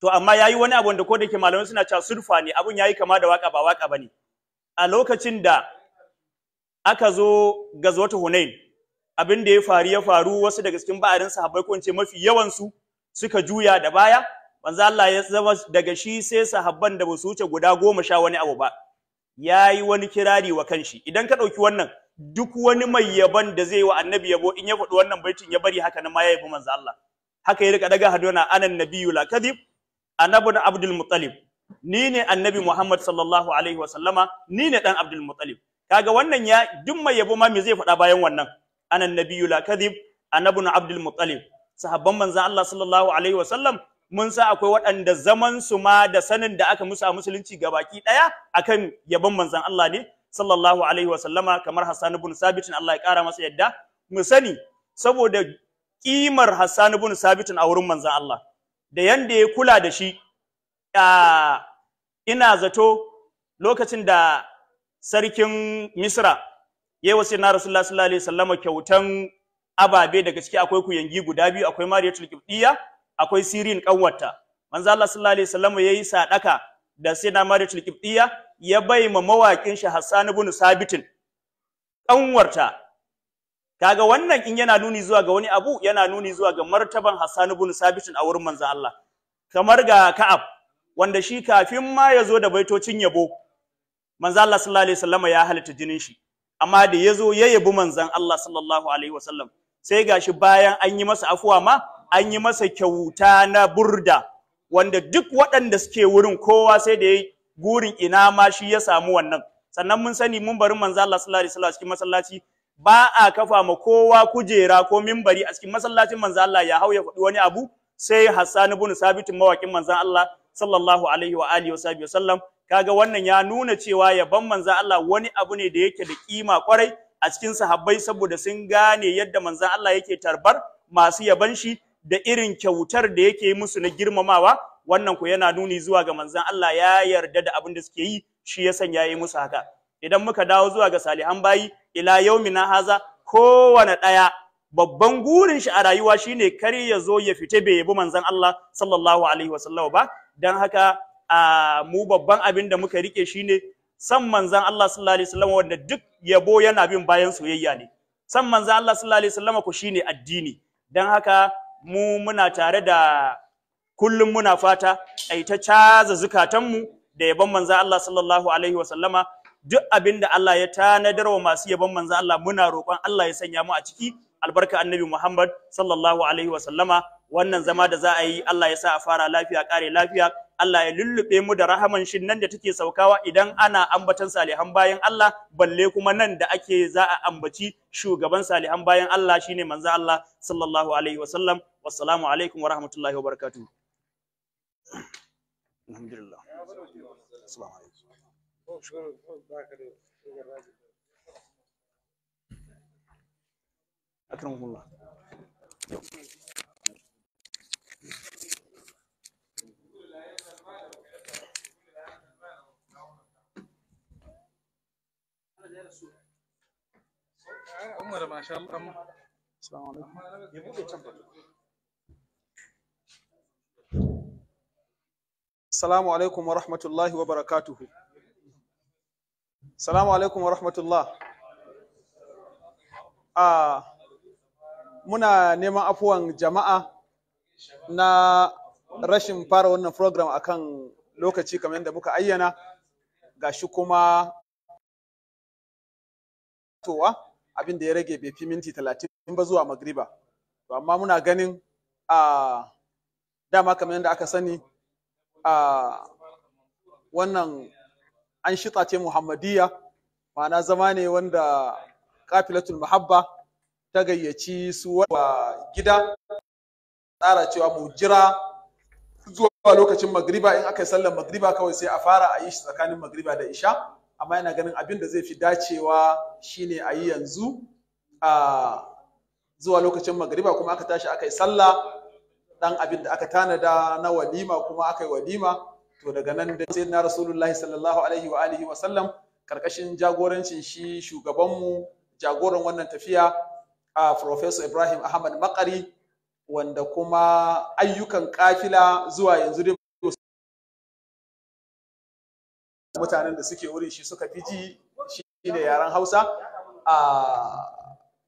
to amma yayi wani abu wanda ko da ke malamai suna cewa surfa ne abun yayi kama da waka ba waka bane a lokacin da aka zo gazwatu Hunain abin da ya faru ya faru wasu daga cikin ba'arin sahabbai ko ince mafi yawan su suka juya da baya manzo Allah ya zama daga shi sai sahabban da basu wuce guda goma sha wani abu ba yayi wani kirari wa kanshi idan ka dauki wannan duk wani mai yaban da zai yi wa annabi yabo in ya faɗi wannan baitin ya bari haka nan ma ya yabi manzo Allah haka ya rika daga hadona anan nabiyyu la kadhib annabi na abdul mutalib ni ne annabi muhammad sallallahu alaihi wa ni ne dan abdul mutalib kaga wannan ya duk mai yabo ma me zai faɗa bayan wannan anan nabiyyu la kadhib annabi na abdul mutalib sahabban manzo Allah sallallahu alaihi wa mun sa akwai waɗanda zaman su ma da sanin da aka musu a musulunci gabaki daya akan yabon manzon Allah ne sallallahu alaihi wa kamar Hassan ibn Sabit Allah ya kara masa yadda mu sani saboda kimar Hassan ibn Sabit a wurin manzon Allah da yanda ya kula da shi ina zato lokacin da sarkin Misra ya yi wasu na Rasulullah sallallahu alaihi kyautan ababe daga ciki akwai kuyangi guda biyu akwai mariya Qibtiyya akwai Sirin kanwarta manzo Allah sallallahu alaihi wasallam yayi sadaka da na mariya Qibtiyya ya bai ma mawaƙin shi Hassan ibn Sabitin kanwarta kaga wannan in yana nuni zuwa ga wani abu yana nuni zuwa ga martaban Hassan ibn Sabit a wurin manzo Allah kamar ga Ka'ab wanda shi kafin ma ya zo da baitocin yabo manzo Allah sallallahu alaihi wasallam ya halitta jinin shi amma da ya zo ya yabi manzon Allah sallallahu alaihi wasallam sai gashi bayan an yi masa afuwa ma an yi masa kyauta na burda wanda duk waɗanda suke wurin kowa sai da ya gurin ina ma shi ya samu wannan sannan mun sani mun bari manzo Allah sallallahu alaihi wasallam cikin masallaci ba a kafa ma kowa kujera ko mimbari a cikin masallacin manzo Allah ya hau ya faɗi wani abu sai Hassan ibn Sabit mawakin manzo Allah sallallahu alaihi wa alihi wa sahbihi sallam kaga wannan ya nuna cewa yaban manzan Allah wani abu ne da yake da kima kwarai a cikin sahabbai saboda sun gane yadda manzo Allah yake tarbar masu yaban shi da irin kyautar da yake musu na girmamawa wannan ko yana nuni zuwa ga manzon Allah ya yarda da abin da suke yi shi ya sanya yi musu haka idan muka dawo zuwa ga salihan bayi ila na haza kowane ɗaya babban gurin shi a rayuwa shine kar ya zo ya fita bai yabi manzon Allah sallallahu alaihi wasallam ba dan haka a mu babban abin da muka rike shine san manzon Allah sallallahu alaihi wasallam wanda duk yabo yana bin bayan soyayya ne san manzon Allah sallallahu alaihi wasallam ku shine addini dan haka mu muna tare da kullum muna fata ai ta caza zukatanmu da yabon manzon Allah sallallahu alaihi wasallama duk abin da Allah ya tanadar wa masu yabon manzo Allah muna roƙon Allah ya sanya mu a ciki albarka annabi Muhammad sallallahu alaihi wa sallama wannan zama da za a yi Allah ya sa a fara lafiya kare lafiya Allah ya lullube mu da rahaman shin nan da take saukawa idan ana ambatan salihan bayan Allah balle kuma nan da ake za a ambaci shugaban salihan bayan Allah shine manzo Allah sallallahu alaihi wa sallam wassalamu alaikum wa rahmatullahi wa barakatuh alhamdulillah أكرمكم الله عمر ما شاء الله السلام عليكم السلام عليكم ورحمة الله وبركاته Salamu alaikum wa rahmatullah. Uh, muna neman afuwan jama'a na rashin fara wannan program akan lokaci kamar yadda muka ayyana Ga shi kuma towa abinda ya rage bai fi minti talatin ba zuwa magriba. To amma muna ganin a ah, dama kamar yadda aka sani a ah, wannan an shita ce muhammadiyya ma'ana zama ne wanda kafilatul muhabba ta gayyaci su wa gida tsara cewa mu jira zuwa lokacin magriba in aka yi sallar magriba kawai sai a fara a yi shi tsakanin magriba da isha amma yana ganin abin da zai fi dacewa shine a yi yanzu a zuwa lokacin magriba kuma aka tashi aka yi sallah dan abin da aka tanada na walima kuma aka yi walima to daga nan da na rasulullahi sallallahu alaihi wa alihi wa sallam karkashin jagorancin shi shugabanmu jagoran wannan tafiya a professor Ibrahim Ahmad Makari wanda kuma ayyukan kafila zuwa yanzu dai mutanen da suke wurin shi suka fi ji shi ne yaren Hausa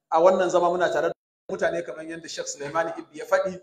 a wannan zama muna tare da mutane kamar yadda Sheikh Suleiman ibi ya faɗi